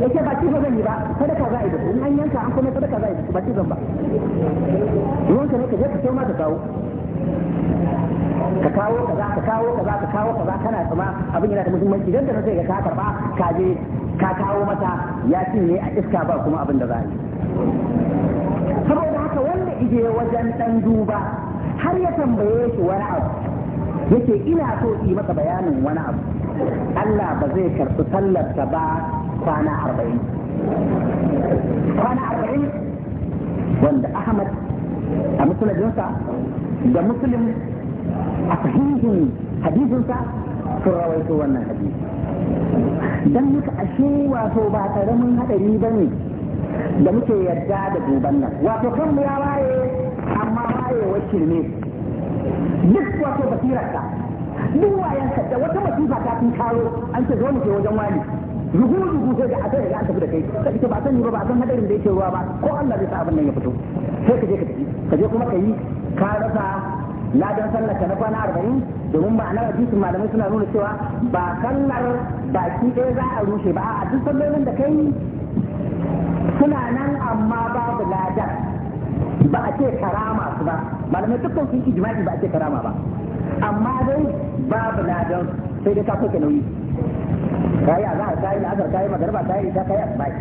yake ba ci zan yi ba sadaka za a yi da in an yanka an kuma sadaka za a yi ba ci zan ba ruwan ka ne ka je ka kai ma ka kawo ka kawo kaza ka kawo kaza ka kawo kaza kana tsama abin yana da muhimmanci dan da sai ka karba ka je ka kawo mata ya cinye a iska ba kuma abin da za a yi saboda haka wanda ije wajen dan duba har ya tambaye shi wani abu yake ina so yi maka bayanin wani abu Allah ba zai karɓi sallarta ba kwana arba'in kwana arba'in wanda Ahmad a musulunsa da musulun a sahihin hadisinsa sun rawaito wannan hadisi don muka ashe wato ba karamin hadari ba ne da muke yarda da duban nan wato kan mu ya waye amma wayewa shirme duk wato basirarka duk ka da wata masifa ta fi karo an ce zo mu je wajen wani rubu rubu sai da aka riga aka tafi da kai sai ka ba sani ba ba san hadarin da yake ruwa ba ko Allah zai sa abin nan ya fito sai ka je ka tafi ka je kuma ka yi ka rasa ladan sallar ka na kwana arba'in domin ma'ana hadisin malamai suna nuna cewa ba sallar baki ɗaya za a rushe ba a duk sallolin da kai suna nan amma babu ladan ba a ce karama su ba malamai dukkan sun ijma'i ba a ce karama ba amma dai babu ladan sai dai ka soke nauyi kayi a za a kayi azar kayi magarba kayi ta kayi asbai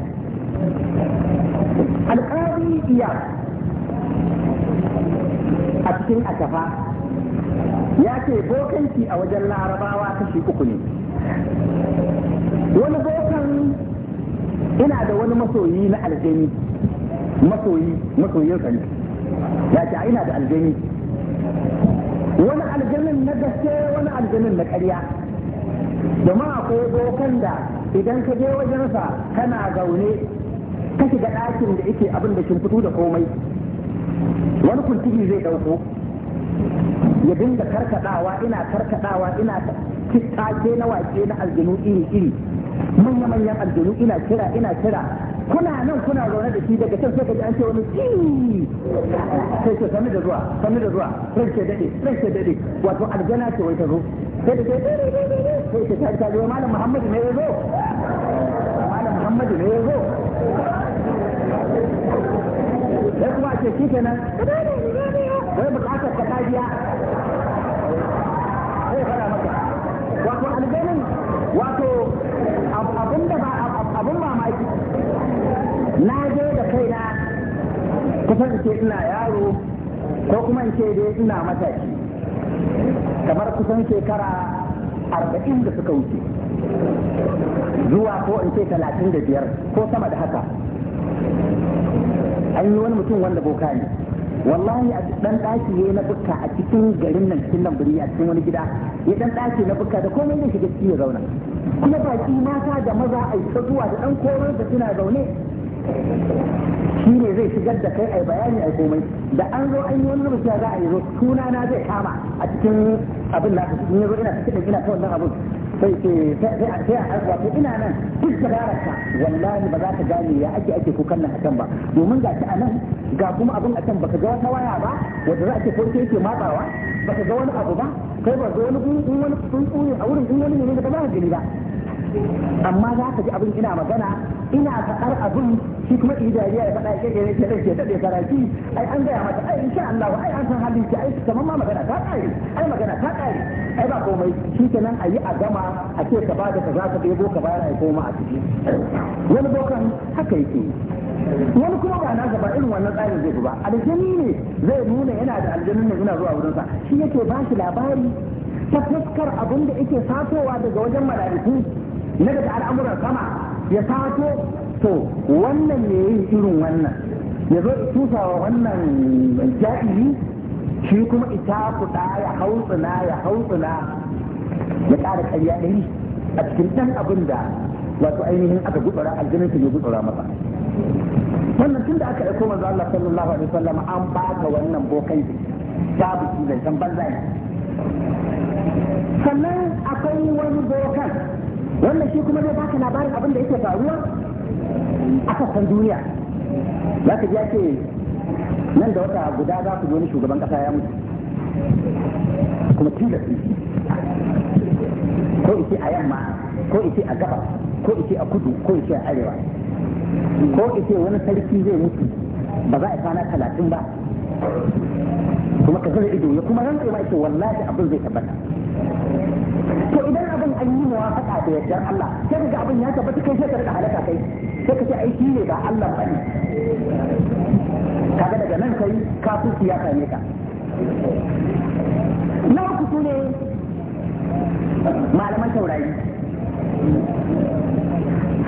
alƙari iya a cikin atafa ya ce bokanci a wajen larabawa kashi uku ne wani bokan ina da wani masoyi na aljani masoyi masoyin sa ne ya ce ina da aljani wani aljanin na gaske wani aljanin na ƙarya jama'a ko dokan da idan ka je wajensa kana zaune ka shiga ɗakin da yake abin da fito da komai wani kuntigi zai ɗauko ya dinga karkadawa ina karkadawa ina kitake na wake na aljanu iri iri manya manyan aljanu ina kira ina kira kuna nan kuna zaune da shi daga can sai ka ji an ce wani ji sai ce sami da zuwa sami da zuwa ran ce dade ran ce dade wato aljana ce wai ta zo sai da sai sai ce ta ta zo malam muhammadu ne ya zo malam muhammadu ne ya zo sai kuma ce shi kenan wai bukatar ta kariya sai fara maka wato aljanin wato abun da ba abun mamaki na je da kaina kusan in ce ina yaro ko kuma in ce dai ina mataki kamar kusan shekara arba'in da suka wuce zuwa ko in ce talatin da biyar ko sama da haka an yi wani mutum wanda boka ne wallahi a dan daki ya na buka a cikin garin nan cikin nan buri a cikin wani gida ya dan daki na buka da komai ne shiga ciki ya zauna kuma baki mata da maza a yi zuwa da dan koro da suna zaune shi ne zai shigar da kai a bayani a komai da an zo an yi wani rubuta za a yi zo suna na zai kama a cikin abin da in yazo ina cikin ina ta wannan abin sai ce sai a ko ina nan duk da daraka wallahi ba za ka gane ya ake ake kukan nan can ba domin ga shi a nan ga kuma abin can baka ga wata waya ba wanda za a ce ko yake matsawa baka ga wani abu ba kai ba ga wani wani tsuntsu a wurin wani ne da ba za ka gani ba amma za ka ji abin ina magana ina faɗar abin shi kuma in jariya ya faɗa ya da ke rage daɗe karaki ai an gaya mata ai insha Allah ai an san halin ki ai kamar ma magana ta ƙare ai magana ta ƙare ai ba komai shi kenan a yi a gama a ce ka bada ka za ka ɗebo ka bayar ai koma a ciki wani bokan haka yake wani kuma ba na gaba irin wannan tsarin zai ba aljani ne zai nuna yana da aljanin ne ina zuwa wurinsa shi yake ba shi labari ta fuskar abin da yake satowa daga wajen mala'iku na daga al'amuran sama ya sato to wannan ne yin irin wannan ya zo tusa wa wannan jami'i shi kuma ita kuɗa ya hautsina ya hautsina ya ƙara ƙarya ɗari a cikin ɗan abin da wato ainihin aka gutsura aljinin su ne gutsura masa wannan tun da aka ɗauko manzo Allah sallallahu alaihi wasallam an ba ka wannan bokai babu shi zai san banza sannan akwai wani bokan wannan shi kuma zai baka labarin abin da yake faruwa a kasan duniya za ka ji ake nan da wata guda za ku wani shugaban kasa ya mutu kuma tilasi ko ice a yamma ko ice a gaba ko ice a kudu ko ice a arewa ko ice wani sarki zai mutu ba za a kwana talatin ba kuma ka zai ido ya kuma rantsa ma ita wallahi abin zai tabbata to idan abin an yi muwafaqa da yardar Allah sai kaga abin ya tabbata kai sai ka rika halaka kai sai ka ce ai shi ne ba Allah ba ne kaga daga nan kai ka fusi ya ne ka na ku ne malaman taurari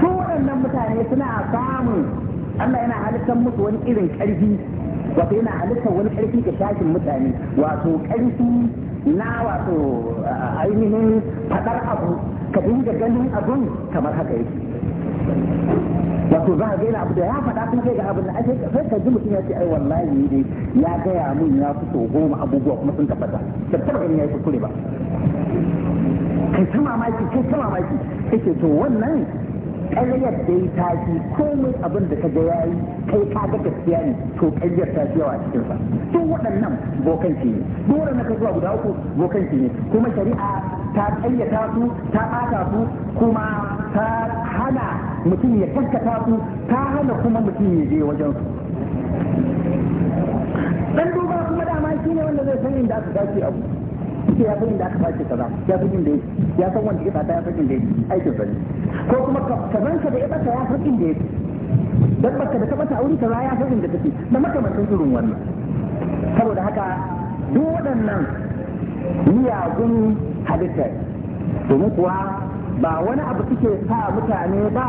su waɗannan mutane suna samun Allah yana halittar musu wani irin ƙarfi wato yana halittar wani karfi ga shashin mutane wato karfi na wato ainihin fadar abu ka dinga ganin abun kamar haka yake wato za a gaina abu da ya faɗa kuma kai ga abin da ake sai ka ji mutum ya ce ai wallahi ne ya gaya mun ya fi so goma abubuwa kuma sun tabbata da taɓa ganin ya yi kuskure ba kai ta mamaki kai ta mamaki kake to wannan ƙaryar da ya tashi komai abin da ka ga yi kai ka ga gaskiya ne to ƙaryar ta fi yawa a cikin sa to waɗannan bokanci ne duk waɗannan ka zuwa guda uku bokanci ne kuma shari'a ta ƙayyata su ta ɓata su kuma ta hana mutum ya kankata su ta hana kuma mutum ya je wajen su dan duba kuma dama ne wanda zai san inda aka dace abu ce ya san da aka sace kaza ya san inda yake ya san wanda ita ta ya san inda yake aikin da ko kuma kazan ka da ya bata ya san inda yake dan baka da ka bata aure kaza ya san inda take da makamantan irin wannan saboda haka duk waɗannan miyagun halittar domin kuwa ba wani abu suke sa mutane ba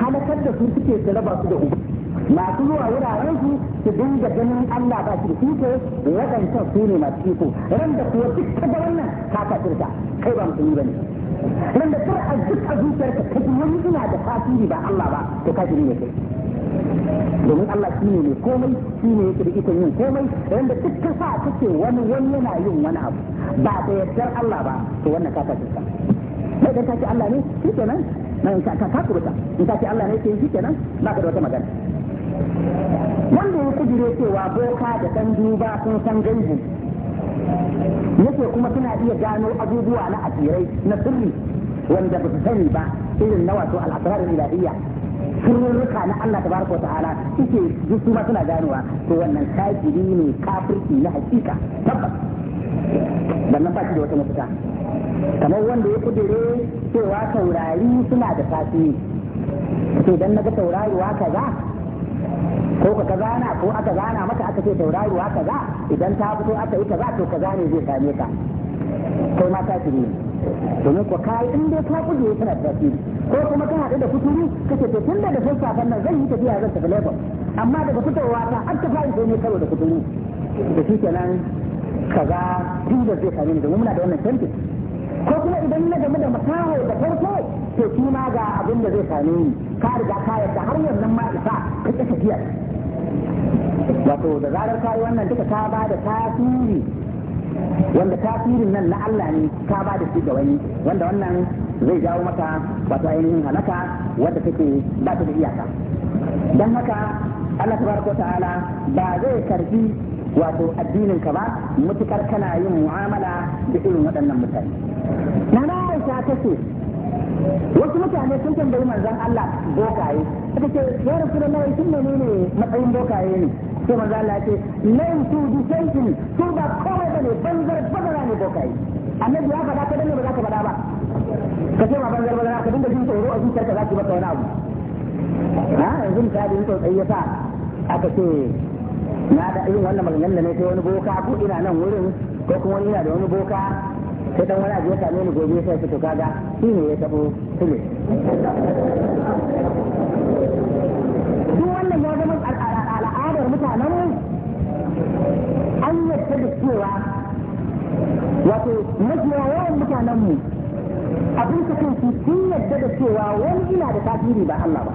halakar da su suke talaba su da ubangi masu zuwa wuraren su su dinga ganin Allah ba shi da iko waɗancan su ne masu iko ran da kuwa duk ta ga wannan ka kafirta kai ba musulmi ne ran da kuwa duk a zuciyarka ka ji wani ina da tasiri ba Allah ba to kafiri ne kai domin Allah shi ne mai komai shi ne yake da ikon yin komai da duk ka sa kake wani wani yana yin wani abu ba da yarda Allah ba to wannan ka kafirta sai da ce Allah ne shi kenan nan ka ka kubuta in ka ce Allah ne ke yi kenan ba ka da wata magana wanda ya kujire cewa boka da dan duba sun san gaibi yake kuma suna iya gano abubuwa na asirai na sirri wanda ba su sani ba irin na wato al'asrar ilahiyya sirrurruka na Allah tabaraka wa ta'ala suke duk su ma suna ganowa to wannan kafiri ne kafirci na hakika tabbas wannan ba shi da wata mafita kamar wanda ya kudure cewa taurari suna da tasiri to dan naga taurari wa kaza ko ka kaza na ko aka gana maka aka ce wa kaza idan ta fito aka yi kaza to kaza ne zai same ka kai ma tasiri ne domin ko kai in dai ka kuje da tasiri ko kuma ka haɗu da kuturi kace to tun da sassafen nan zai yi tafiya zan tafi lebo amma daga fitowa ta har ta fara sai ne karo da kuturi da shi kenan kaza duk da zai same ni domin muna da wannan tantance ko kuma idan na game da makaho da farko to kima ga abin da zai same ni ka riga ka yadda har wannan ma isa ka ƙi tafiyar wato da zarar ka yi wannan duka ka ba da tasiri wanda tasirin nan na Allah ne ka ba da shi ga wani wanda wannan zai jawo maka wato ainihin halaka wadda take ba ta da iyaka don haka Allah tabaraka ta'ala ba zai karbi wato addinin ka ba mutukar kana yin mu'amala da irin waɗannan mutane na na aisha ta ce wasu mutane sun tambayi manzon Allah bokaye suka ce ya sun shin ne matsayin bokaye ne sai manzon Allah ya ce nan su bi shaykin su ba kawai bane banzar bazara ne bokaye annabi ya faɗa ka dane ba za ka faɗa ba ka ce ba banzar bazara ka dinga jin tsoro a zuciyarka za ki ba wani abu ha yanzu misali in tsautsayi ya sa aka ce na da irin wannan maganganun da ne sai wani boka ko ina nan wurin ko kuma wani yana da wani boka sai dan wani abu ya same ni gobe sai fito kaga shi ne ya tabo tule duk wannan ya zama al'adar mutanen mu an yadda da cewa wato mafiya yawan mutanen mu abin ka kan su sun yadda da cewa wani ina da tasiri ba Allah ba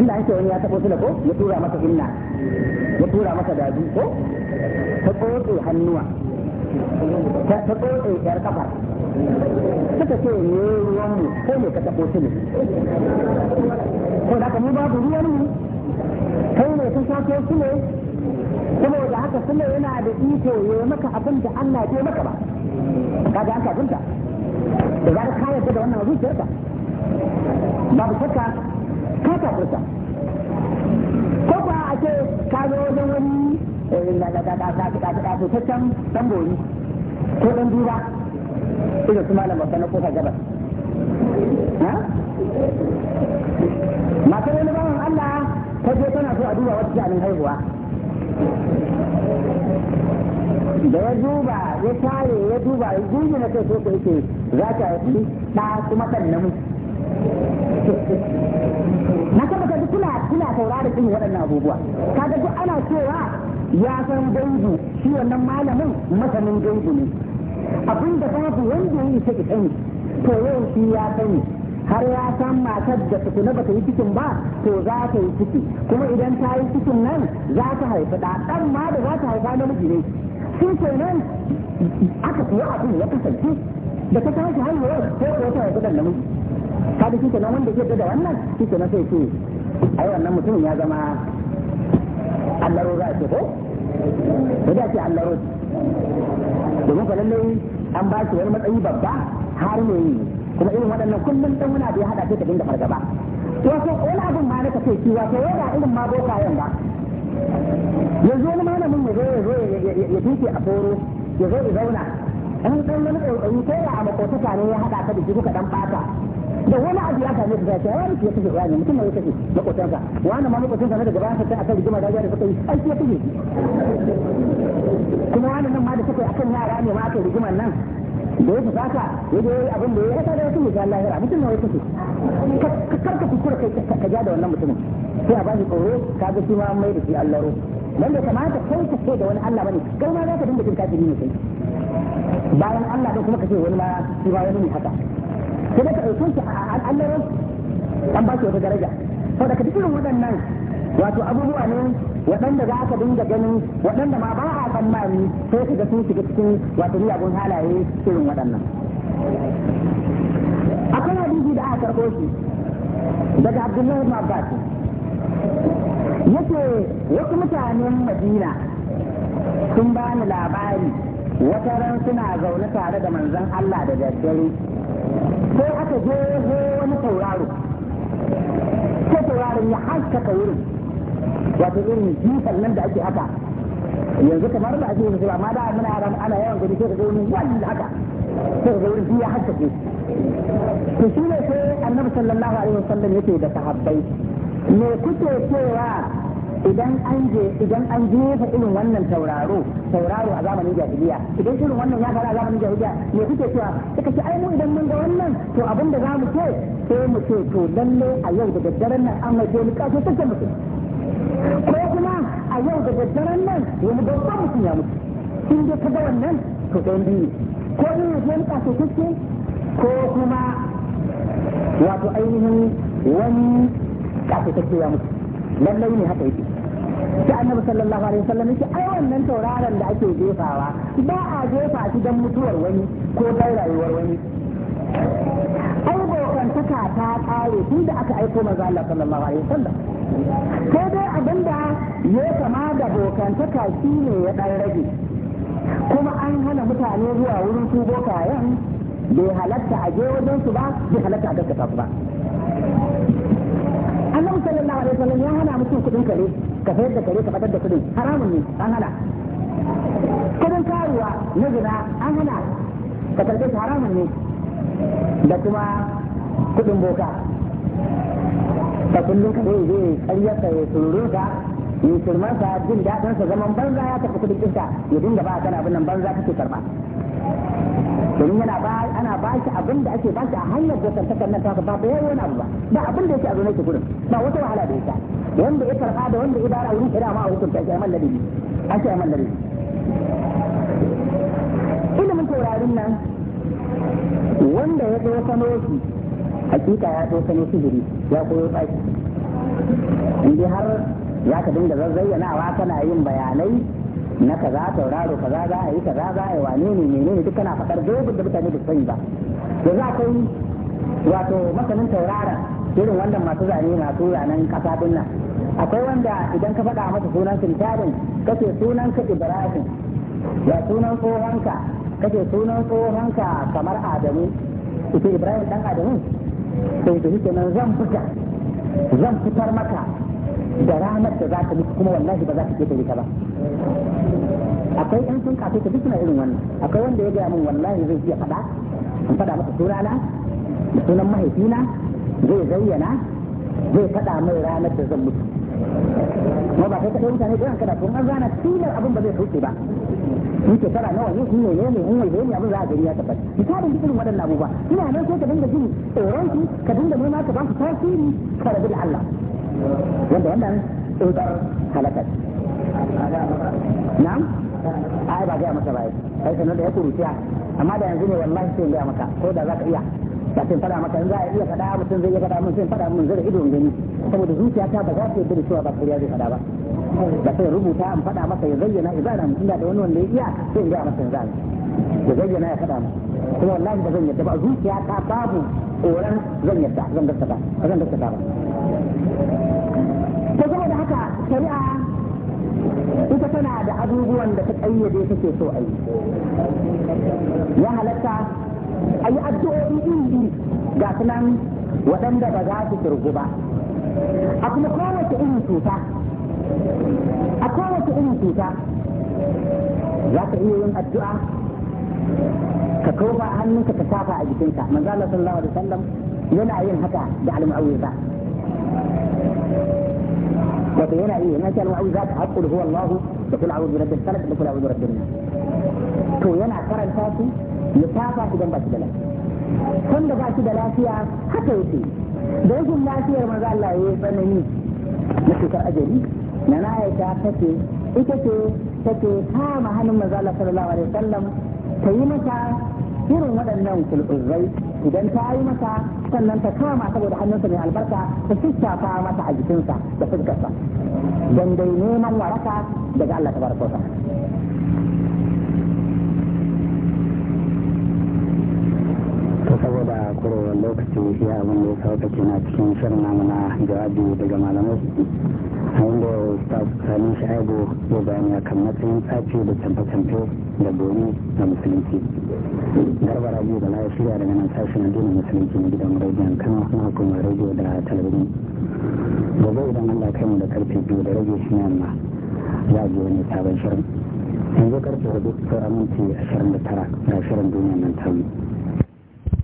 inda an ce wani ya tabo tule ko ya tura masa inna ya tura maka dadi ko ta tsotse hannuwa ta tsotse yar kafa suka ce ne ruwan mu ko ne ka tabo su ne ko da ka mu ba ku ruwan mu kai ne ka shafo su ne kuma da haka suna yana da iko ya maka abin da Allah ya maka ba ka ga an kafinta da zarar ka yarda da wannan zuciyarka babu shakka ka kafirta ce ka zo wajen wani lalataccen dan tamboyi ko dan duba irin su malam babba na kofar gabas masu wani bawan Allah ta je tana so a duba wata jami'in haihuwa da ya duba ya tare ya duba ya na kai so ko yake za ka yi ta kuma kan namiji na kama ka kuna kuna saurara irin waɗannan abubuwa kaga duk ana cewa ya san dangi shi wannan malamin masanin dangi ne abin da babu wanda ya yi ta sani to yau shi ya sani har ya san matar da tukuna ba ta yi cikin ba to za ta yi ciki kuma idan ta yi cikin nan za ta haifi ɗan ma da za ta haifa namiji ne shi kenan aka fiye abin ya kasance da ta tashi haihuwar ko ko ta haifi ɗan namiji kada shi kenan wanda ke da wannan shi na sai ce ai wannan mutumin ya zama Allah roza ce ko da ce allaro domin fa lallai an ba shi wani matsayi babba har ne kuma irin waɗannan kullum ɗan wani abu ya haɗa sai ka dinga fargaba wato wani abin ma na ka ce wato yana irin ma yan ba yanzu wani malamin ya zo ya zo ya duke a foro ya zo ya zauna an ɗan wani ɗauɗayi ko ya a makotaka ne ya haɗa ka da shi kuka ɗan ɓata da wani abu ya same su zai wani ke kashe wani mutum mai kashe makotansa wani ma makotansa na daga bayan sa sai akan rigima da da suka yi ai ke kashe kuma wani nan ma da suka yi akan yara ne ma aka rigima nan da ya fusata ya abin da ya rasa da ya Allah ya mutum mai kashe kar ka kuskura kai ka ja da wannan mutumin sai a ba shi tsoro ka ga shi ma mai da shi Allah ro dan da kamata kai ka da wani Allah bane kai ma za ka dinga jin kafiri ne kai bayan Allah din kuma ka ce wani ma shi ba wani ne haka sai ka ɗauke shi an lero an ba shi wata daraja sau da irin waɗannan wato abubuwa ne waɗanda za ka dinga ganin waɗanda ma ba a tsammani sai su ga sun shiga cikin wato miyagun halaye irin waɗannan akwai hadisi da aka karɓo shi daga abdullahi ibn abbas yace wasu mutanen madina sun bani labari wata ran suna zaune tare da manzon Allah da daddare sai aka je wani tauraro ko tauraron ya haskaka wurin wato irin jifan nan da ake haka yanzu kamar da ake yanzu amma da muna yara ana yawan gani sai ka ga wani wanda haka sai ka ga wurin ya haskake to shi ne sai annabi sallallahu alaihi wasallam yake da sahabbai me kuke cewa idan an je idan an jefa irin wannan tauraro tauraro a zamanin jahiliya idan irin wannan ya faru a zamanin jahiliya me kuke cewa suka ce ai mu idan mun ga wannan to abin da zamu ce sai mu ce to lalle a yau da daddaren nan an mai ni kaso take mutum ko kuma a yau da daddaren nan wani babban mutum ya mutu kin je ga wannan to ɗayan biyu ko ni ya je ni kaso take ko kuma wato ainihin wani kaso take ya mutu lallai ne haka yake sai annabi sallallahu alaihi wasallam yake ai wannan tauraron da ake jefawa ba a jefa shi dan mutuwar wani ko dai rayuwar wani ai ta kare tun da aka aiko manzo Allah sallallahu alaihi wasallam ko dai abinda ya kama da bokantaka shine ya ɗan rage kuma an hana mutane zuwa wurin su bokayen bai halatta a je wajen su ba bai halatta a gaskata su ba annabi sallallahu alaihi wasallam ya hana mutum kudin kare ka sayar da kare ka fadar da kudin haramun ne an hana kudin karuwa na zina an hana ka karbe shi haramun ne da kuma kudin boka ka kullum ka zai zai karyarsa ya ka ya sa jin daɗinsa zaman banza ya tafi kudin kinka ya dinga ba kana abin nan banza kake karba domin yana ba ana ba shi abin da ake ba shi a hanyar da tantakar nan taka ba wani abu ba ba abin da yake a zonai gurin ba wata wahala da yasa wanda ya karba da wanda ya dara wurin kira ma a hukunta ladabi ladabi ilimin taurarin nan wanda ya zo sano shi hakika ya zo sano ya koyo tsaki in har ya ka dinga kana yin bayanai na kaza tauraro kaza za a yi kaza za a yi wane ne ne ne duk kana fadar dogon da mutane da sani ba ka yi wato masanin tauraron irin wannan masu zane masu zanen kasa din nan akwai wanda idan ka faɗa masa sunan sintarin kake sunan ka ibrahim ya sunan tsohonka kake sunan tsohonka kamar adamu ita ibrahim dan adamu sai ta shi nan zan fita zan fitar maka da ranar da za ka mutu kuma wallahi ba za ka ke ta ba akwai ɗan sun kafe ka duk suna irin wannan akwai wanda ya gaya min wallahi zai iya faɗa in faɗa masa na da sunan mahaifina zai zayyana zai faɗa mai ranar da zan mutu kuma ba kai kaɗai mutane da kada kuma an zana tilar abin ba zai sauke ba in tara nawa ne in ne ne in yi ne abin za a gari ya tabbata misalin duk irin waɗannan abubuwa ina nan sai ka dinga jin tsoron ki ka dinga nema ka ba su tasiri ka rabu da Allah wanda wannan tsoron halakar na'am ai ba gaya masa ba kai sanar da ya kuruciya amma da yanzu ne wallahi sai gaya maka ko da za ka iya da sai faɗa maka in za a iya faɗa mutum zai iya faɗa mun sai faɗa mun zai ido gani saboda zuciya ta ba za ta yarda da cewa ba kuriya zai faɗa ba da sai rubuta an faɗa maka ya zayyana ya zana mutum da wani wanda ya iya sai in gaya masa in zana ya zayyana ya faɗa maka kuma wallahi ba zan yadda ba zuciya ta babu tsoron zan yadda zan gaskata zan gaskata ba kuma da haka shari'a ita tana da abubuwan da ta ƙayyade ke so a yi ya halatta a yi addu'o'i iri ga sunan waɗanda ba za su turgu ba a kuma kowace irin cuta a kowace irin cuta za ka iya yin addu'a ka tofa a hannunka ka safa a jikinka manzo Allah sallallahu alaihi wasallam yana yin haka da al ba. وبين إيه مثلا وعوذات أقول هو الله بقول أعوذ برب الفلك بقول أعوذ برب الناس to yana karanta su ya tafa idan ba da lafiya kan da ba shi da lafiya haka yake da yakin lafiyar maza Allah ya tsanani na cutar ajali na na aisha take ita ce take kama hannun maza Allah sallallahu alaihi wasallam ta yi mata irin waɗannan kulɓuzzai idan ta yi masa sannan ta kama saboda hannunsa mai albarka ta shishafa mata a jikinsa da fuskarsa don dai neman waraka daga Allah tabaraka wa saboda kurowar lokaci shi abin da ya sauka na cikin shirin namuna jawabi daga malamai a inda ya sa tsakanin shi aibu ya bayani akan matsayin tsafi da canfe-canfe da bono na musulunci garba biyu da lawa shirya daga nan sashen addinin musulunci na gidan rediyon kan kuma hukumar rediyo da talabijin gobe idan allah kai mu da karfe biyu da rage shi yamma za a ji wani sabon shirin yanzu karfe hudu sauran minti ashirin da tara ga shirin duniya nan tamu